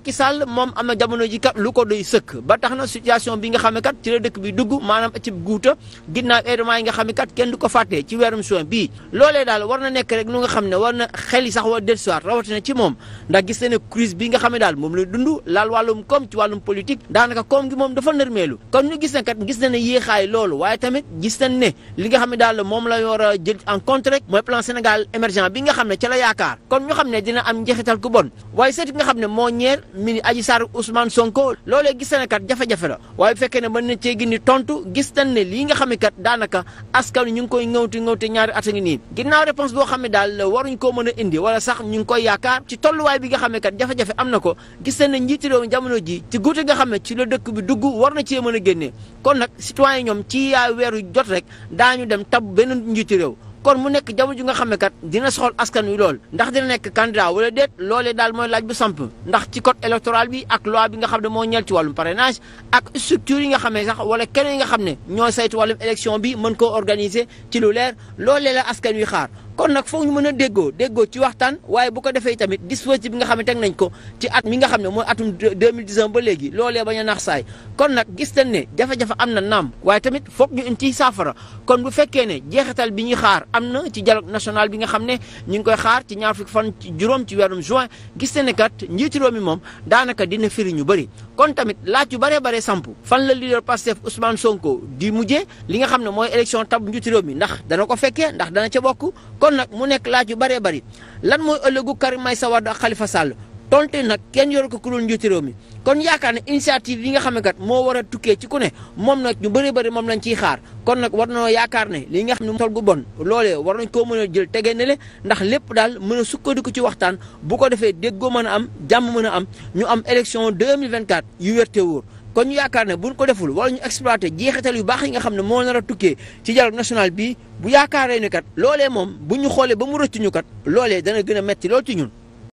Macky Sall moom am na jamono ji kat lu ko doy sëkk ba tax na situation bi nga xam ne kat ci la dëkk bi dugg maanaam ci guuta ginnaaw événement yi nga xam ne kat kenn du ko fàtte ci weerum juin bii loolee daal war na nekk rek nu nga xam ne war na xel yi ci moom ndax bi nga xam ne daal moom la dund laal wàllum koom ci wàllum politique daanaka koom gi moom dafa gis na kat gis na ne yéexaay loolu waaye tamit gis nañ ne li nga xam ne daal moom la war a jël en compte mooy plan Sénégal émergent la yaakaar kon ñu xam ne dina am njeexital ku bon waaye seet nga mini Adji Sarr Ousmane Sonko loolee gis na kat jafe-jafe la waaye bu fekkee ne mën na cee gindi tontu gis nañ ne lii nga xam ne kat daanaka askan ñu ngi koy ŋawti ŋawte ñaari at a ngi nii ginnaaw réponse boo xam ne daal waruñ koo mën a indi wala sax ñu ngi koy yaakaar ci tolluwaay bi nga xam ne kat jafe-jafe am na ko gis nañ ne njiiti réew jamono ji ci guute nga xam ne ci la dëkk bi dugg war na cee mën a génnee kon nag citoyen ñoom ci yaa weeru jot rek daañu dem tab benn njiiti réew kon mu nekk jamono ju nga xam ne kat dina soxal askan wi lool ndax dina nekk candidat wala déet loole daal mooy laaj bu samp ndax ci code électoral bi ak loi bi nga xam ne moo ñeel ci wàllum parrainage ak structure yi nga xam ne sax wala keneen yi nga xam ne ñoo saytu wàllum élection bi mën koo organiser ci lu leer loolee la askan wi xaar kon nag foog ñu mën a déggoo déggoo ci waxtaan waaye bu ko defee tamit dispositif bi nga xam ne nañ ko ci at mi nga xam ne mooy atum 2019 ba léegi loolee bañ a nax saay kon nag gis nañ ne jafe am na naam waaye tamit foog ñu indi saafara kon bu fekkee ne jeexital bi ñuy xaar am na ci dialogue national bi nga xam ne ñu ngi koy xaar ci ñaar fukki fan ci juróom ci weerum juin gis nañ ne kat njiitu réew mi moom daanaka dina firi ñu bëri kon tamit laaj yu bëree bare sampu fan la leader Pastef Ousmane Sonko di mujjee li nga xam ne mooy élection tab njiitu réew mi ndax dana ko fekkee ndax dana ca bokk loolu nag mu nekk laaj yu bëree bëri lan mooy ëllëgu Karim Meïssa Wade ak xalifa Sall tonte nag kenn yor ko ku dul njiitu réew mi kon yaakaar ne initiative yi nga xam ne kat moo war a tukkee ci ku ne moom nag ñu bare bëri moom lañ ciy xaar kon nag war nañoo yaakaar ne li nga xam ne tol gu bon loole war nañ koo mën a jël tege ne le ndax lépp daal mën a sukkandiku ci waxtaan bu ko defee déggoo mën a am jàmm mën a am ñu am élection 2024 yu wér te wóor kon ñu yaakaar ne buñ ko deful wala ñu exploité jeexital yu baax yi nga xam ne moo nar a tukkee ci dialogue national bi bu yaakaaree ne kat loolee moom bu ñu xoolee ba mu rëcc kat loolee dana gën a metti lool ci ñun